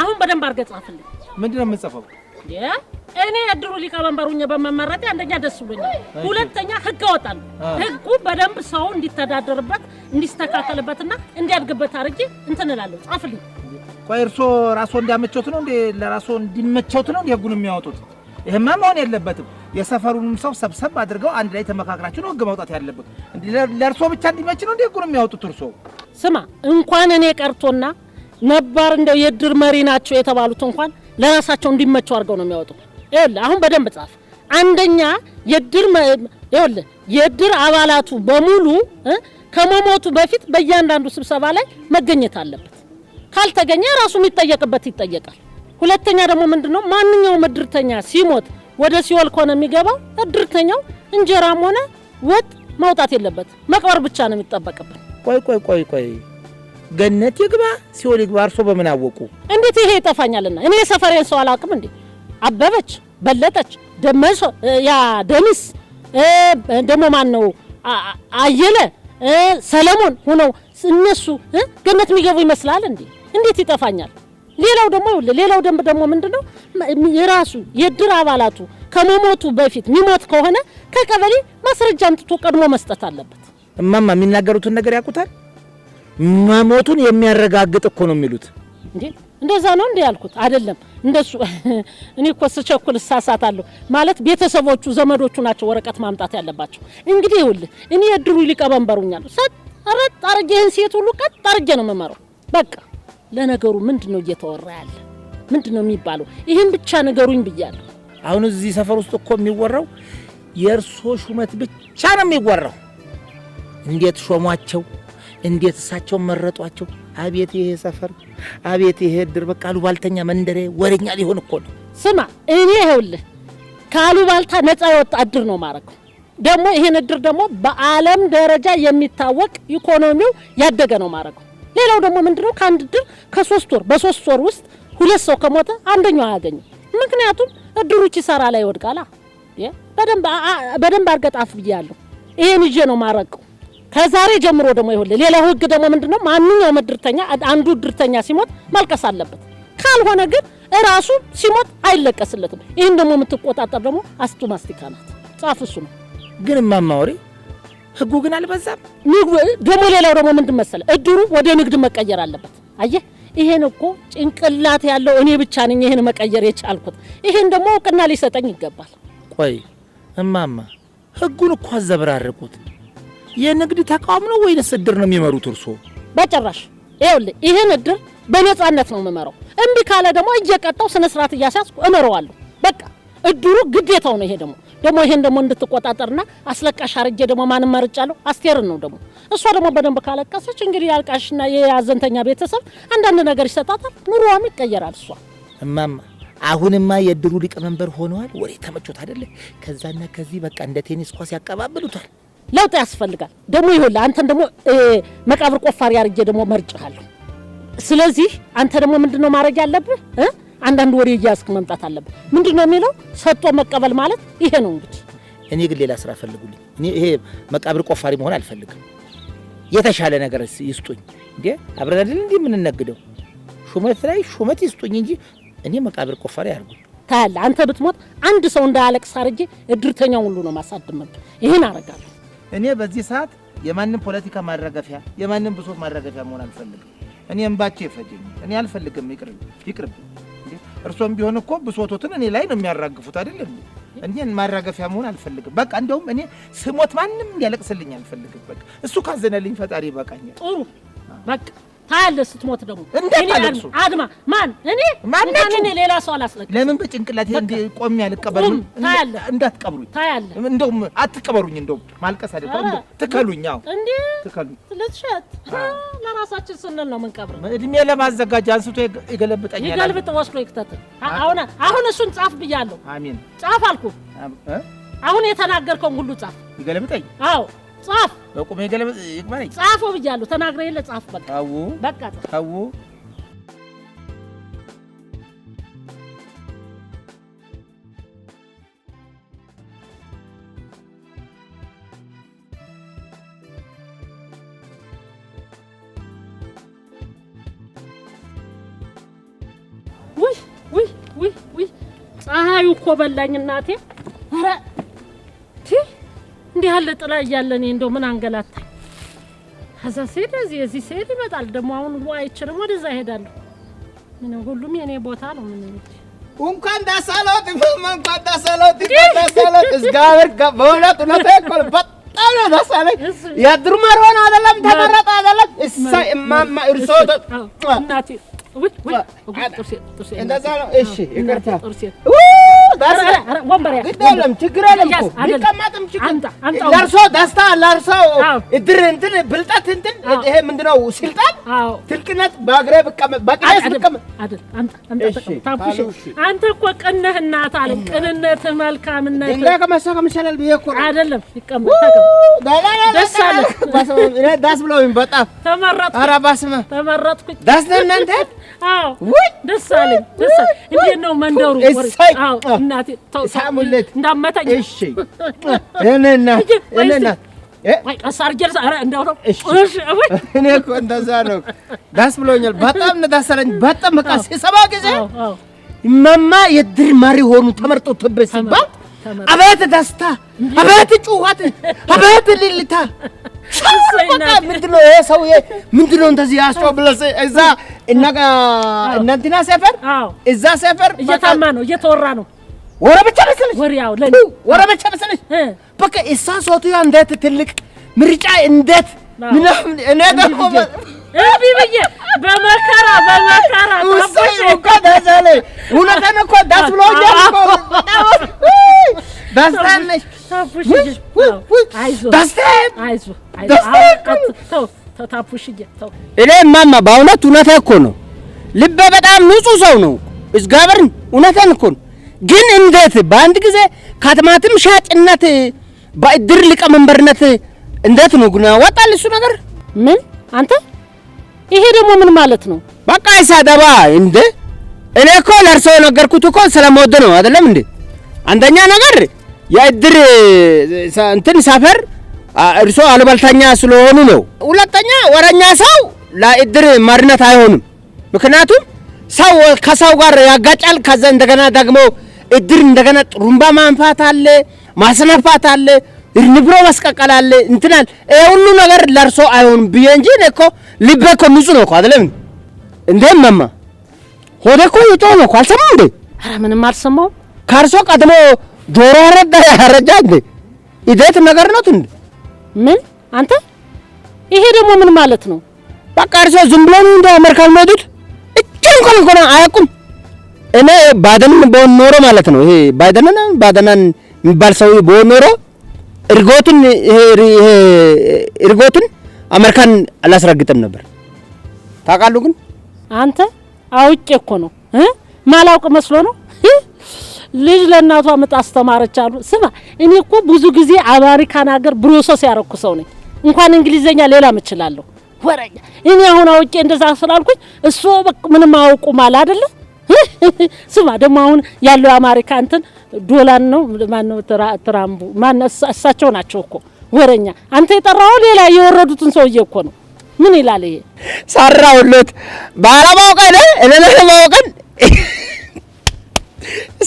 አሁን በደንብ አድርገህ ጻፍልኝ። ምንድን ነው የምንጽፈው? እኔ የድሩ ሊቀመንበሩኝ በመመረጤ አንደኛ ደስ ብሎኛል፣ ሁለተኛ ህግ አወጣለሁ። ህጉ በደንብ ሰው እንዲተዳደርበት እንዲስተካከልበትና እንዲያድግበት አድርጌ እንትን እላለሁ። ጻፍልኝ። ቆይ እርሶ ራስዎ እንዲያመቸውት ነው እንዴ? ለራስዎ እንዲመቸውት ነው እንዴ ህጉን የሚያወጡት? ይህማ መሆን የለበትም። የሰፈሩንም ሰው ሰብሰብ አድርገው አንድ ላይ ተመካክራችሁ ነው ህግ ማውጣት ያለበት። ለእርሶ ብቻ እንዲመች ነው እንዴ ህጉን የሚያወጡት? እርሶ ስማ፣ እንኳን እኔ ቀርቶና ነባር እንደው የእድር መሪ ናቸው የተባሉት እንኳን ለራሳቸው እንዲመቸው አድርገው ነው የሚያወጡ። ይኸውልህ አሁን በደንብ ጻፍ። አንደኛ የእድር ይኸውልህ የድር አባላቱ በሙሉ ከመሞቱ በፊት በእያንዳንዱ ስብሰባ ላይ መገኘት አለበት። ካልተገኘ ራሱ የሚጠየቅበት ይጠየቃል። ሁለተኛ ደግሞ ምንድነው ማንኛውም እድርተኛ ሲሞት ወደ ሲኦል ከሆነ የሚገባው እድርተኛው እንጀራም ሆነ ወጥ ማውጣት የለበት። መቅበር ብቻ ነው የሚጠበቅብን። ቆይ ቆይ ቆይ ቆይ ገነት ይግባ ሲኦል ይግባ። እርሶ በምን አወቁ? እንዴት ይሄ ይጠፋኛልና እኔ የሰፈሬን ሰው አላውቅም እንዴ? አበበች በለጠች፣ ደመሶ፣ ያ ደሚስ ደግሞ ማን ነው አየለ፣ ሰለሞን ሆነው እነሱ ገነት የሚገቡ ይመስላል እንዴ? እንዴት ይጠፋኛል? ሌላው ደግሞ ሌላው ደንብ ደግሞ ምንድነው የራሱ የድር አባላቱ ከመሞቱ በፊት የሚሞት ከሆነ ከቀበሌ ማስረጃ አምጥቶ ቀድሞ መስጠት አለበት። እማማ የሚናገሩትን ነገር ያውቁታል። መሞቱን የሚያረጋግጥ እኮ ነው የሚሉት። እንዴ እንደዛ ነው እንደ ያልኩት አይደለም። እንደሱ እኔ እኮ ስቸኩል እሳሳታለሁ። ማለት ቤተሰቦቹ ዘመዶቹ ናቸው ወረቀት ማምጣት ያለባቸው። እንግዲህ ይኸውልህ እኔ እድሩ ሊቀመንበሩኛል ሰጥ አረጥ አርጌ ይህን ሴት ሁሉ ቀጥ አርጌ ነው መመረው። በቃ ለነገሩ ምንድን ነው እየተወራ ያለ ምንድን ነው የሚባለው? ይህን ብቻ ነገሩኝ ብያለሁ። አሁን እዚህ ሰፈር ውስጥ እኮ የሚወራው የእርሶ ሹመት ብቻ ነው የሚወራው። እንዴት ሾሟቸው እንዴት እሳቸውን መረጧቸው? አቤት ይሄ ሰፈር፣ አቤት ይሄ እድር፣ በቃ አሉባልተኛ መንደሬ ወሬኛ ሊሆን እኮ ነው። ስማ እኔ ይኸውልህ ከአሉባልታ ነፃ የወጣ እድር ነው ማረከው። ደግሞ ይሄን እድር ደግሞ በዓለም ደረጃ የሚታወቅ ኢኮኖሚው ያደገ ነው ማረከው። ሌላው ደግሞ ምንድነው ከአንድ እድር ከሶስት ወር በሶስት ወር ውስጥ ሁለት ሰው ከሞተ አንደኛው አያገኝም። ምክንያቱም እድሩ ኪሳራ ላይ ይወድቃላ። በደንብ አርገህ ጣፍ ብያለሁ። ይሄን ይዤ ነው ማረገው። ከዛሬ ጀምሮ ደግሞ ይሁን ሌላው ህግ ደግሞ ምንድነው? ማንኛውም እድርተኛ አንዱ እድርተኛ ሲሞት ማልቀስ አለበት። ካልሆነ ግን እራሱ ሲሞት አይለቀስለትም። ይህን ደግሞ የምትቆጣጠር ደግሞ አስቱ ማስቲካ ናት። ጻፍ እሱ ነው። ግን ማማወሪ ህጉ ግን አልበዛም። ደግሞ ሌላው ደግሞ ምንድን መሰለ እድሩ ወደ ንግድ መቀየር አለበት። አየህ ይሄን እኮ ጭንቅላት ያለው እኔ ብቻ ነኝ ይሄን መቀየር የቻልኩት። ይሄን ደግሞ እውቅና ሊሰጠኝ ይገባል። ቆይ እማማ ህጉን እኮ አዘብራርቁት የንግድ ተቋም ነው ወይስ እድር ነው የሚመሩት እርሶ? በጭራሽ። ይኸውልህ ይህን እድር በነፃነት ነው የምመራው። እምቢ ካለ ደግሞ እየቀጣው ስነ ስርዓት እያሳስኩ እመረዋለሁ። በቃ እድሩ ግዴታው ነው። ይሄ ደግሞ ደግሞ ይሄን ደግሞ እንድትቆጣጠርና አስለቃሽ አርጄ ደግሞ ማንም መርጫለሁ አስቴርን ነው ደግሞ እሷ ደግሞ በደንብ ካለቀሰች እንግዲህ ያልቃሽና የአዘንተኛ ቤተሰብ አንዳንድ ነገር ይሰጣታል። ኑሮዋም ይቀየራል። እሷ እማማ አሁንማ የእድሩ ሊቀመንበር ሆነዋል። ወሬ ተመቾት አይደለ? ከዛና ከዚህ በቃ እንደ ቴኒስ ኳስ ያቀባብሉታል። ለውጥ ያስፈልጋል። ደግሞ ይሁን አንተን ደግሞ መቃብር ቆፋሪ አርጌ ደግሞ መርጭሃለሁ። ስለዚህ አንተ ደግሞ ምንድነው ማድረግ ያለብህ? አንዳንድ ወሬ እያያዝክ መምጣት አለብህ። ምንድነው የሚለው ሰጥቶ መቀበል ማለት ይሄ ነው። እንግዲህ እኔ ግን ሌላ ስራ ፈልጉልኝ። እኔ ይሄ መቃብር ቆፋሪ መሆን አልፈልግም። የተሻለ ነገር ይስጡኝ። እንዴ አብረን አይደል እንዴ የምንነግደው? ሹመት ላይ ሹመት ይስጡኝ እንጂ እኔ መቃብር ቆፋሪ አርጉ ታያለህ። አንተ ብትሞት አንድ ሰው እንዳያለቅስ አርጄ እድርተኛው ሁሉ ነው ማሳደም። ይሄን አረጋለሁ እኔ በዚህ ሰዓት የማንም ፖለቲካ ማራገፊያ የማንም ብሶት ማራገፊያ መሆን አልፈልግም። እኔ እንባቸው ይፈጀኝ። እኔ አልፈልግም። ይቅርብ ይቅርብ። እርሶም ቢሆን እኮ ብሶቶትን እኔ ላይ ነው የሚያራግፉት አይደለም። እኔን ማራገፊያ መሆን አልፈልግም። በቃ እንደውም እኔ ስሞት ማንም እንዲያለቅስልኝ አልፈልግም። በቃ እሱ ካዘነልኝ ፈጣሪ ይበቃኛል። ጥሩ በቃ ታያለህ ስትሞት ደግሞ እንዳታለቅሱ። አድማ ማን እኔ ማናችን ሌላ ሰው አላስለቅም። ለምን በጭንቅላት እንደ ቆሜ አልቀበልም። ታያለህ፣ እንዳትቀብሩኝ። ታያለህ፣ እንደውም አትቀበሩኝ። እንደውም ማልቀስ አይደል ትከሉኝ። አዎ እንዴ ትከሉኝ። ልትሸጥ ለራሳችን ስንል ነው የምንቀብረው። እድሜ ለማዘጋጃ አንስቶ ይገለብጠኛል። ይገልብጥ ወስዶ ይክተት። አሁን አሁን እሱን ጻፍ ብያለሁ። አሜን ጻፍ አልኩ። አሁን የተናገርከውን ሁሉ ጻፍ። ይገለብጠኝ። አዎ ጻፍ በቁም የገለበ ይግባኝ ጻፎ ብያለሁ። ተናግረ የለ ጻፍ በቃ ታው በቃ ጻፍ። ውይ ውይ ውይ ውይ ፀሐዩ እኮ በላኝ እናቴ ኧረ እንዲህ ያለ ጥላ እያለ እኔ እንደው ምን አንገላታኝ። ከዛ ሲሄድ እዚህ የዚህ ሲሄድ ይመጣል ደግሞ አሁን ውሎ አይችልም፣ ወደዛ እሄዳለሁ። ምን ሁሉም የኔ ቦታ ነው። ምን እንኳን ደስ አለዎት፣ እንኳን ደስ አለዎት፣ እንኳን ደስ አለዎት። እግዚአብሔር በእውነት እውነቴን እኮ ነው። በጣም ነው ደስ አለኝ። የድሩ መርሆን አይደለም ተመረጠ አይደለም። እሰይ እማማ እርሶ እናቴ እንደዛ ነው። እሺ ይቅርታ ችግር የለም እኮ ቢቀመጥም ለእርሶ ደስታ ለእርሶ እድር እንትን ብልጠት እንትን ይሄ ምንድን ስልጣን ትልቅነት በአግሬ ብቀመጥ በቅስ ብቀመጥ አንተ እኮ ቅንህ እናት አለ ቅንነት መልካምነት እንዳ ከመሳ ከምሻላል ብዬ እኮ አይደለም ይቀመጥ ደስ ብሎኝ በጣም ተመረጥኩ። ኧረ በስመ ተመረጥኩ። ደስ ነህ እናንተ? ደስ አለኝ። እንዴት ነው መንደሩ? እናቴ ሳሙለት እንዳመታኝ። እሺ እኔና እኔ እኮ እንደዛ ነው። ብሎኛል። በጣም ነው በጣም በቃ ሲሰማ ጊዜ እማማ የድር መሪ ሆኑ ተመርጦ ሲባል አቤት ደስታ፣ አቤት ጩኸት፣ አቤት ልልታ ምንድነው ይሄ ሰውዬ? ምንድነው እንደዚህ እዛ እነ እንትና ሰፈር እዛ ሰፈር እየታማ ነው እየተወራ ነው ወረብቻ መሰለሽ፣ ወረብቻ መሰለሽ። በቃ እሷ ሶቱ እንዴት ትልቅ ምርጫ እንዴት ምናምን እኔ ደግሞ እቢ ብዬ በመከራ በመከራ ታቦሽ እኮ ደስ አለኝ። እኮ ደስ ብሎኛል ደስታነሽ እኔ እማማ በእውነት እውነቴ እኮ ነው። ልቤ በጣም ንጹሕ ሰው ነው። እግዚአብሔርን እውነቴን እኮ ነው ግን እንዴት በአንድ ጊዜ ከአትማትም ሻጭነት በእድር ሊቀመንበርነት እንዴት ነው ግን ወጣል? እሱ ነገር ምን አንተ ይሄ ደግሞ ምን ማለት ነው? በቃ ሰደባ እንደ እኔ እኮ ለእርሶ ነገርኩት እኮ ስለመወደ ነው አይደለም እንዴ? አንደኛ ነገር የእድር እንትን ሰፈር እርሶ አልበልተኛ ስለሆኑ ነው። ሁለተኛ ወረኛ ሰው ለእድር መሪነት አይሆንም። ምክንያቱም ሰው ከሰው ጋር ያጋጫል። ከዛ እንደገና ደግሞ እድር እንደገና ጥሩምባ ማንፋት አለ፣ ማስነፋት አለ፣ ንብሮ መስቀቀል አለ እንትናል። ይሄ ሁሉ ነገር ለእርሶ አይሆንም ብዬ እንጂ እኔ እኮ ልቤ እኮ ንጹህ ነው እኮ አይደለም እንዴ እማማ? ሆዴ እኮ ይጦ ነው እኮ አልሰማም እንዴ? ኧረ ምንም አልሰማሁም። ከእርሶ ቀድሞ ዶሮ አረዳ ያረጃ እንዴ? ኢዴት ነገር ነው እንዴ? ምን አንተ ይሄ ደግሞ ምን ማለት ነው? በቃ እርሶ ዝም ብሎ ነው እንደ አሜሪካን መሄዱት እችን ኮንኮና አያውቁም። እኔ ባደንን በሆን ኖሮ ማለት ነው። ይሄ ባደንን ባደናን የሚባል ሰው በሆን ኖሮ እርጎቱን ይሄ እርጎቱን አሜሪካን አላስረግጥም ነበር። ታውቃሉ ግን አንተ አውቄ እኮ ነው ማላውቅ መስሎ ነው። ልጅ ለእናቷ ምጥ አስተማረች አሉ። ስማ እኔ እኮ ብዙ ጊዜ አሜሪካን ሀገር ብሮሰስ ያረኩ ሰው ነኝ። እንኳን እንግሊዘኛ ሌላም እችላለሁ። ወረኛ እኔ አሁን አውቄ እንደዛ ስላልኩኝ እሱ ምንም አውቁ ማለ አይደለም ስማ ደግሞ አሁን ያለው አሜሪካ እንትን ዶላር ነው ማነው ትራምቡ ማን እሳቸው ናቸው እኮ ወረኛ አንተ የጠራው ሌላ የወረዱትን ሰውዬ እኮ ነው ምን ይላል ይሄ ሰራውለት ባለማው ቀን እለለማው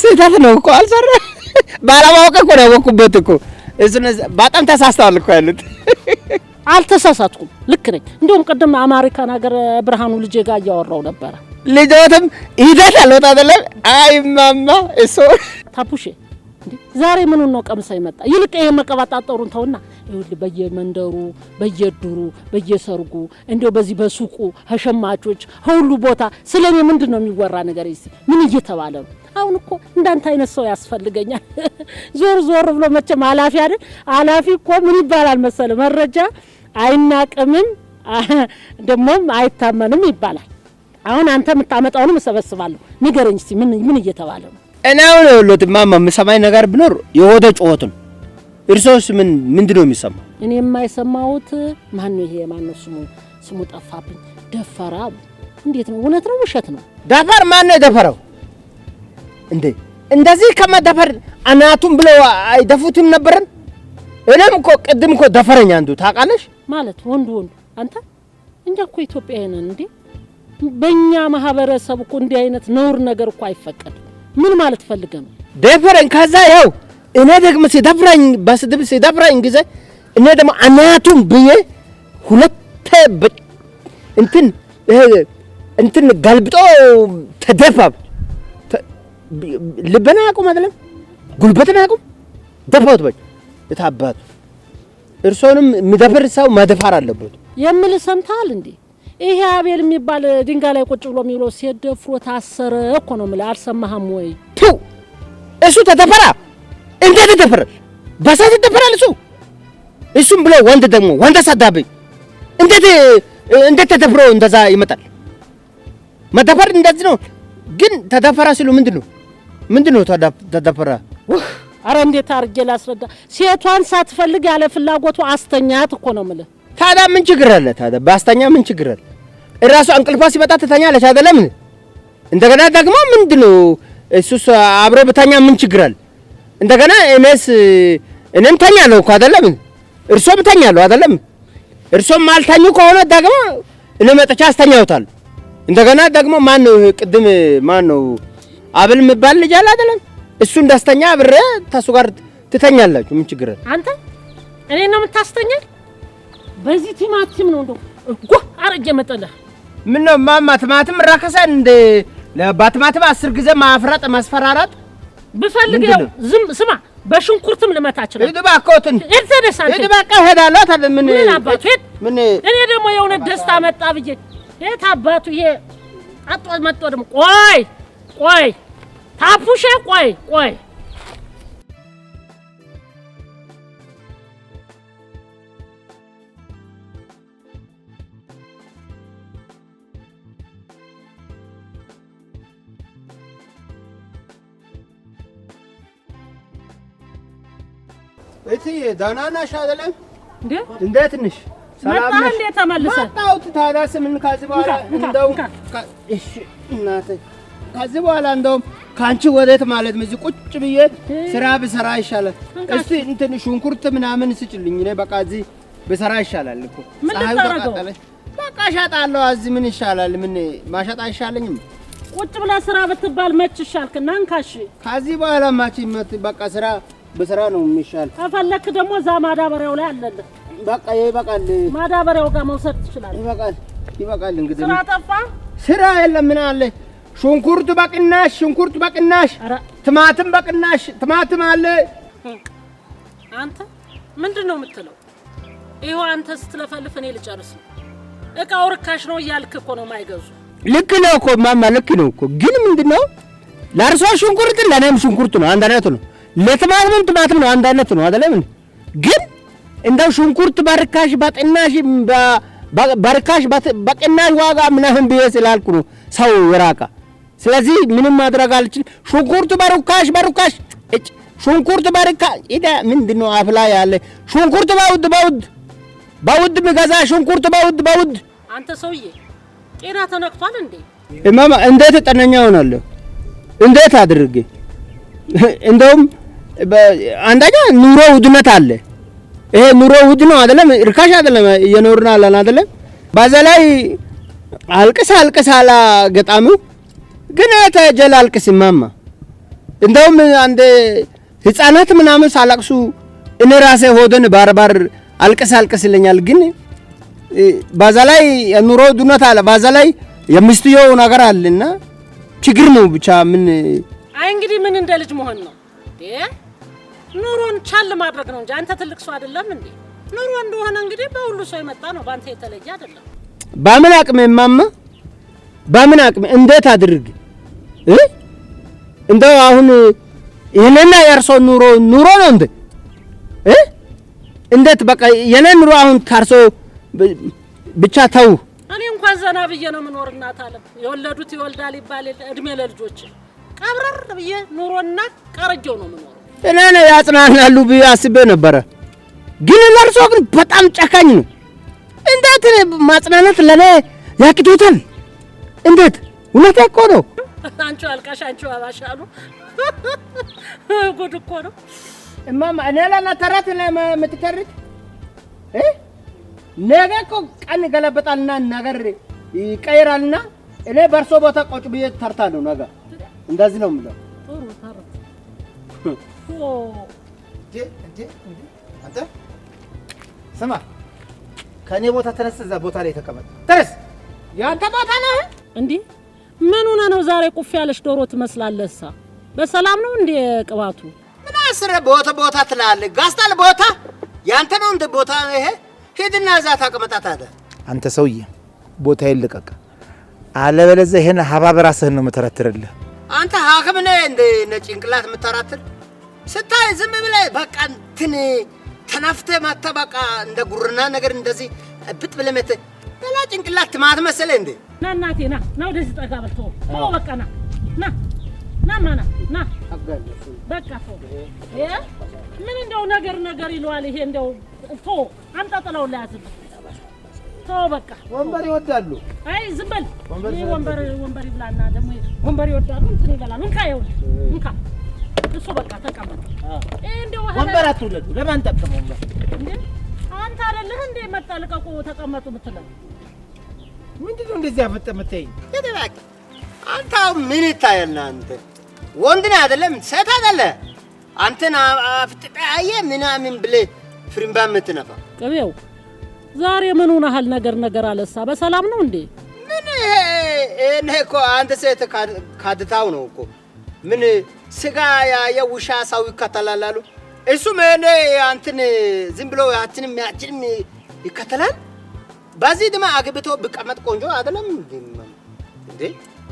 ስህተት ነው እኮ አልሰራ ባለማው እኮ ነው ያወኩበት እኮ እሱ በጣም ተሳስተዋል እኮ ያሉት አልተሳሳትኩም ልክ ነኝ እንደውም ቅድም አሜሪካን ሀገር ብርሃኑ ልጄ ጋር እያወራው ነበረ ልጆትም ሂደት አልወጣ አይደለም። አይ ማማ እሱ ታፑሽ ዛሬ ምን ነው ቀምሳ ይመጣ። ይልቅ ይሄ መቀባጣጠሩን ተውና፣ ይኸውልህ በየመንደሩ በየድሩ በየሰርጉ እንዲያው በዚህ በሱቁ ከሸማቾች ከሁሉ ቦታ ስለ እኔ ምንድን ነው የሚወራ ነገር? ምን እየተባለ ነው? አሁን እኮ እንዳንተ አይነት ሰው ያስፈልገኛል። ዞር ዞር ብሎ መቼም ኃላፊ አይደል? አላፊ እኮ ምን ይባላል መሰለ መረጃ አይናቅምም ደግሞም አይታመንም ይባላል። አሁን አንተ የምታመጣውንም እሰበስባለሁ። ንገረኝ እስኪ ምን ምን እየተባለ ነው? እኔ አሁን ሎት ማማ የምሰማኝ ነገር ቢኖር የሆደ ጩኸት ነው። እርሶስ ምን ምንድን ነው የሚሰማው? እኔ የማይሰማውት ማን ነው ይሄ? ማን ነው ስሙ? ስሙ ጠፋብኝ። ደፈራ እንዴት ነው? እውነት ነው ውሸት ነው? ደፈር ማን ነው የደፈረው እንዴ? እንደዚህ ከመደፈር አናቱን ብለው አይደፉትም ነበርን? እኔም እኮ ቅድም እኮ ደፈረኝ አንዱ ታውቃለሽ ማለት ወንዱ ወንዱ አንተ እንጃ እኮ ኢትዮጵያዊ ነን እንዴ በእኛ ማህበረሰብ እኮ እንዲህ አይነት ነውር ነገር እኮ አይፈቀድም። ምን ማለት ፈልገ ነው ደፈረኝ። ከዛ ያው እኔ ደግሞ ሲደፍረኝ በስድብ ሲደፍረኝ ጊዜ እኔ ደግሞ አናቱን ብዬ ሁለቴ እንትን እንትን ገልብጦ ተደፋብ። ልበና ያቁም አይደለም ጉልበትን አቁም ደፋት በጭ የታባቱ እርሶንም የሚደፍር ሰው መደፋር አለበት የምል ሰምተሃል እንዴ? ይሄ አቤል የሚባል ድንጋይ ላይ ቁጭ ብሎ የሚውለው ሴት ደፍሮ ታሰረ እኮ ነው የምልህ። አልሰማህም ወይ? ቱ እሱ ተደፈራ። እንዴት ተደፈረ? በሳ ይደፈራል እሱ እሱም ብሎ ወንድ ደግሞ ወንድ አሳዳቢ እንዴት እንዴት ተደፍሮ እንደዛ ይመጣል? መደፈር እንደዚህ ነው። ግን ተደፈራ ሲሉ ምንድን ነው ምንድን ነው ተደፈራ? አረ እንዴት አድርጌ ላስረዳ? ሴቷን ሳትፈልግ ያለ ፍላጎቱ አስተኛት እኮ ነው የምልህ ታዲያ ምን ችግር አለ? ታዲያ ባስተኛ ምን ችግር አለ? እራሷ እንቅልፏ ሲመጣ ትተኛለች አይደለም? እንደገና ደግሞ ምንድነው ነው እሱስ አብሮ ብተኛ ምን ችግር አለ? እንደገና እኔስ እኔም ተኛለሁ እኮ አይደለም? እርሶም ተኛለሁ አይደለም? እርሶም አልተኙ ከሆነ ደግሞ እኔ መጥቻ አስተኛውታል። እንደገና ደግሞ ማን ነው ቅድም ማን ነው አብል የሚባል ልጅ አለ አይደለም? እሱ እንዳስተኛ አብሬ ታሱ ጋር ትተኛላችሁ። ምን ችግር አለ? አንተ እኔ ነው የምታስተኛል በዚህ ቲማቲም ነው እንደው እኮ አረጀ መጠለህ ምን ነው ማማ ቲማቲም ራከሰን እንደ በቲማቲም አስር ጊዜ ማፍረጥ ማስፈራራት ብፈልግ ያው ዝም ስማ በሽንኩርትም ልመታች ነው። እድባ ኮትን እድተደሳ እድባ ቀሄዳለሁ ታለ ምን ምን አባቱ ምን እኔ ደግሞ የሆነ ደስታ መጣ ብዬ የት አባቱ ይሄ አጥቶ መጥቶ ደግሞ ቆይ ቆይ ታፑሼ ቆይ ቆይ እቲ ዳናናሽ አይደለም እንዴ? እንዴ ትንሽ ሰላም ነሽ? እንዴ ተመልሰን መጣሁት። ታዲያስ ምን ከዚህ በኋላ እንደው እሺ፣ እናቴ ከዚህ በኋላ እንደውም ከአንቺ ወዴት ማለት እዚህ ቁጭ ብዬ ስራ ብሰራ ይሻላል። እስቲ እንትን ሽንኩርት ምናምን ስጭልኝ። እኔ በቃ እዚህ ብሰራ ይሻላል እኮ ፀሐዩ ተቃጠለች። በቃ እሸጣለሁ። እዚህ ምን ይሻላል? ምን ማሸጥ አይሻለኝም? ቁጭ ብላ ስራ ብትባል መች ይሻልክና እንካሽ። ከዚህ በኋላ ማች በቃ ስራ በስራ ነው የሚሻል። ከፈለክ ደግሞ እዛ ማዳበሪያው ላይ አለልህ። በቃ ይበቃል። ማዳበሪያው ጋር መውሰድ ትችላለህ። ይበቃል፣ ይበቃል። እንግዲህ ስራ ጠፋ፣ ስራ የለም። ምን አለ ሽንኩርት በቅናሽ፣ ሽንኩርት በቅናሽ፣ ትማትም በቅናሽ፣ ትማትም አለ። አንተ ምንድን ነው የምትለው? ይኸው አንተ ስትለፈልፍ እኔ ልጨርስ ነው። እቃው ርካሽ ነው እያልክ እኮ ነው የማይገዙ። ልክ ነው እኮ ማማ፣ ልክ ነው እኮ ግን ምንድን ነው ለእርሷ ሽንኩርት ለእኔም ሽንኩርት ነው፣ አንድ አይነት ነው ለትማትም ትማትም ነው አንድ አይነት ነው አይደለም። ግን እንደው ሽንኩርት በርካሽ በቅናሽ በርካሽ በቅናሽ ዋጋ ምናምን ብዬ ስላልኩ ነው ሰው የራቃ። ስለዚህ ምንም ማድረግ አልችል ሽንኩርት በርካሽ በርካሽ ሽንኩርት በርካሽ ኢዳ ምንድን ነው አፍላ ያለ ሽንኩርት በውድ በውድ በውድ ምገዛ ሽንኩርት በውድ በውድ። አንተ ሰውዬ ጤና ተነክቷል እንዴ? እማማ እንዴት ጤነኛ ሆናለሁ? እንዴት አድርጌ እንደውም አንዳኛ ኑሮ ውድነት አለ። ይሄ ኑሮ ውድ ነው አይደለም፣ እርካሽ አይደለም፣ እየኖርን አለን አይደለም። በዛ ላይ አልቅስ አልቅስ አላ ገጣሚው ግን ተጀል አልቅስ ማማ እንደውም አንድ ህፃናት ምናምን ሳላቅሱ እኔ ራሴ ሆደን ባርባር አልቅስ አልቅስ ይለኛል። ግን በዛ ላይ ኑሮ ውድነት አለ፣ በዛ ላይ የሚስትየው ነገር አለና ችግር ነው ብቻ ምን አይ እንግዲህ ምን እንደ ልጅ መሆን ነው። ኑሮን ቻል ማድረግ ነው እንጂ አንተ ትልቅ ሰው አይደለም እንዴ? ኑሮ እንደሆነ እንግዲህ በሁሉ ሰው የመጣ ነው፣ በአንተ የተለየ አይደለም። በምን አቅሜ ማማ፣ በምን አቅሜ እንዴት አድርግ እንደው አሁን የኔና የአርሶን ኑሮ ኑሮ ነው እንዴ? እንዴት በቃ የኔ ኑሮ አሁን ካርሶ ብቻ ተው። እኔ እንኳን ዘና ብዬ ነው የምኖር። እናት አለም የወለዱት ይወልዳል ይባል እድሜ ለልጆች ቀብረር ብዬ ኑሮና ቀረጀው ነው የምኖር እኔን ያጽናናሉ ብዬ አስቤ ነበረ። ግን ለእርሶ ግን በጣም ጨካኝ ነው። እንዴት ማጽናናት ለእኔ ያቅቶታል? እንዴት እውነት እኮ ነው። አንቺ አልቃሽ፣ አንቺ አባሻሉ አሉ። ጉድ እኮ ነው እማማ። እኔ ለና ተረት የምትተርት ነገ እኮ ቀን ይገለበጣልና ነገር ይቀይራልና እኔ በእርሶ ቦታ ቆጭ ብዬ ተርታ ነው ነገ። እንደዚህ ነው የምለው አንተ ስማ፣ ከእኔ ቦታ ተነስ፣ እዛ ቦታ ላይ ተቀመጥ። ተነስ። የአንተ ቦታ ነህ። እንዲህ ምን ሆነህ ነው ዛሬ ቁፍ ያለሽ ዶሮ ትመስላለህ? እሳ በሰላም ነው እንደ ቅባቱ ምን አስረህ ቦታ ቦታ ትላለህ? ጋስታል ቦታ ያንተ ነው እንደ ቦታ ይሄ። ሂድና እዛ ታቀመጣት አለ። አንተ ሰውዬ ቦታ ይልቀቅ፣ አለበለዚያ ይሄን ሀባብ ራስህን ነው የምተረትርልህ። አንተ ሀክም ነህ እንደ ጭንቅላት የምተራትር ስታይ ዝም ብለህ በቃ እንትን ተናፍተህ ማታ በቃ እንደ ጉርና ነገር እንደዚህ ብጥ ብለህ መተህ በላ ጭንቅላት ትማት መሰለህ እንዴ? ና እናቴ ና ና፣ ወደዚህ ጠጋ በልቶ በቃ ና ና ና ማና ና በቃ ምን እንደው ነገር ነገር ይለዋል። ይሄ እንደው ቶ አምጣጥላውን ላያዝም ቶ በቃ ወንበር ይወዳሉ። አይ ዝም በል ወንበር ወንበር ይብላና ደግሞ ወንበር ይወዳሉ። እንትን ይበላል እንካ ይኸውልህ እንካ መልሶ በቃ ተቀመጥ። ወንበር አትውለዱ። ለማን ጠቅም ወንበር? አንተ አይደለህ እንዴ መጣ ልቀቁ፣ ተቀመጡ የምትለው ምንድን ነው? እንደዚህ አፈጠ የምታይኝ አንተ ምን ይታየና? አንተ ወንድን አይደለም ሴት አይደለ? አንተን አፍጥጣየ ምናምን ብለህ ፍሪምባ የምትነፋ ቅቤው ዛሬ ምን ሆነሃል? ነገር ነገር አለሳ በሰላም ነው እንዴ? ምን እኔ እኮ አንተ ሴት ካድታው ነው እኮ ምን ስጋ የውሻ ሰው ይከተላል አሉ። እሱም እኔ አንትን ዝም ብሎ ያችንም ያችንም ይከተላል። በዚህ ድማ አግብቶ ብቀመጥ ቆንጆ አይደለም እንዴ?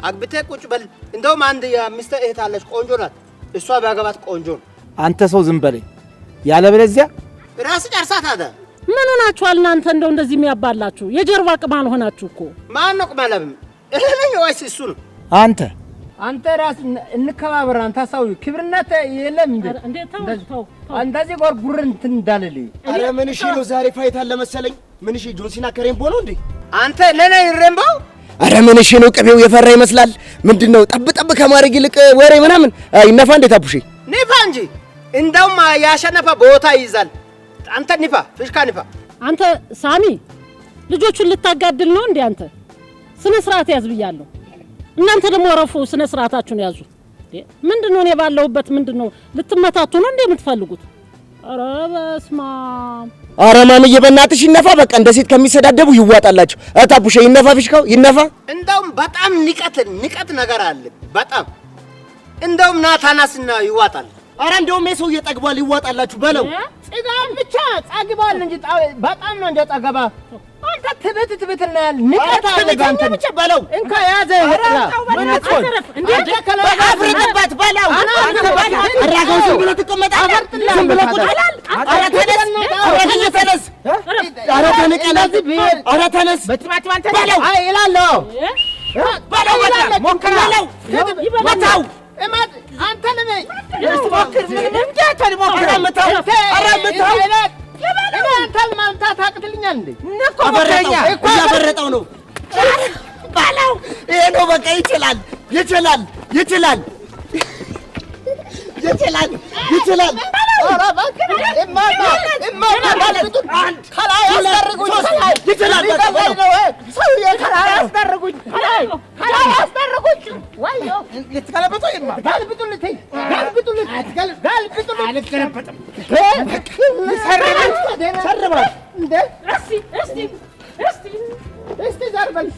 አግብቴ ቁጭ በል። እንደውም አንድ የሚስት እህት አለች፣ ቆንጆ ናት። እሷ ባገባት ቆንጆ ነው። አንተ ሰው ዝም በለኝ፣ ያለበለዚያ ራስ ጨርሳት። አደ ምን ሆናችኋል እናንተ? እንደው እንደዚህ የሚያባላችሁ የጀርባ ቅማል ሆናችሁ እኮ። ማን ነው ቅማላም? እኔ ወይስ እሱ ነው? አንተ አንተ ራስ እንከባበር። አንተ ሰው ክብርነት የለም እንዴ? እንደዚህ ጋር ጉር እንትን እንዳልልኝ። አረ ምን እሺ ነው ዛሬ ፋይት አለ መሰለኝ። ምን እሺ ጆን ሲና ከሬምቦ ነው እንዴ? አንተ ለኔ ይረምቦ። አረ ምን እሺ ነው ቅቤው የፈራ ይመስላል። ምንድነው ጠብ ጠብ ከማድረግ ይልቅ ወሬ ምናምን ይነፋ እንዴ? ታቡሺ ንፋ እንጂ እንደውም ያሸነፈ ቦታ ይይዛል። አንተ ንፋ፣ ፍሽካ ንፋ። አንተ ሳሚ ልጆቹን ልታጋድል ነው እንዴ? አንተ ስነ ስርዓት ያዝብያለሁ። እናንተ ደግሞ ረፉ፣ ስነ ስርዓታችሁን ያዙ። ምንድን ነው እኔ ባለሁበት ምንድን ነው ልትመታቱ ነው እንዴ የምትፈልጉት? አረ በስመ አረ ኧረ ማምዬ በእናትሽ ይነፋ። በቃ እንደ ሴት ከሚሰዳደቡ ይዋጣላቸው። ታቡሻ ይነፋ፣ ፊሽካው ይነፋ። እንደውም በጣም ንቀት ንቀት ነገር አለ። በጣም እንደውም ናታናስና ይዋጣል አረ እንደውም የሰውዬ ጠግቧል፣ ይዋጣላችሁ በለው። ጽጋን ብቻ ጠግቧል እንጂ በጣም ነው እንደ ጠገባ። አንተ ትብት ትብት እናያል ንቀታ ለጋንተ ብቻ በለው። እንካ ያዘ ይጥላ አፍርጥበት በለው። አንተ አራጋው ዝም ብለህ ትቀመጣለህ። ዝም ብለህ ቁጭ ብለሃል። አረ ተነስ፣ አረ ተነስ፣ አረ ተነቀለዝ፣ አረ ተነስ በለው። አይ እላለሁ በለው፣ በለው፣ ሞክረው በለው፣ ወጣው እመድ አንተ ነው ባለው። ይሄ ነው በቃ። ይችላል ይችላል ይችላል ይችላል ይችላል እስቲ ዛር በልስ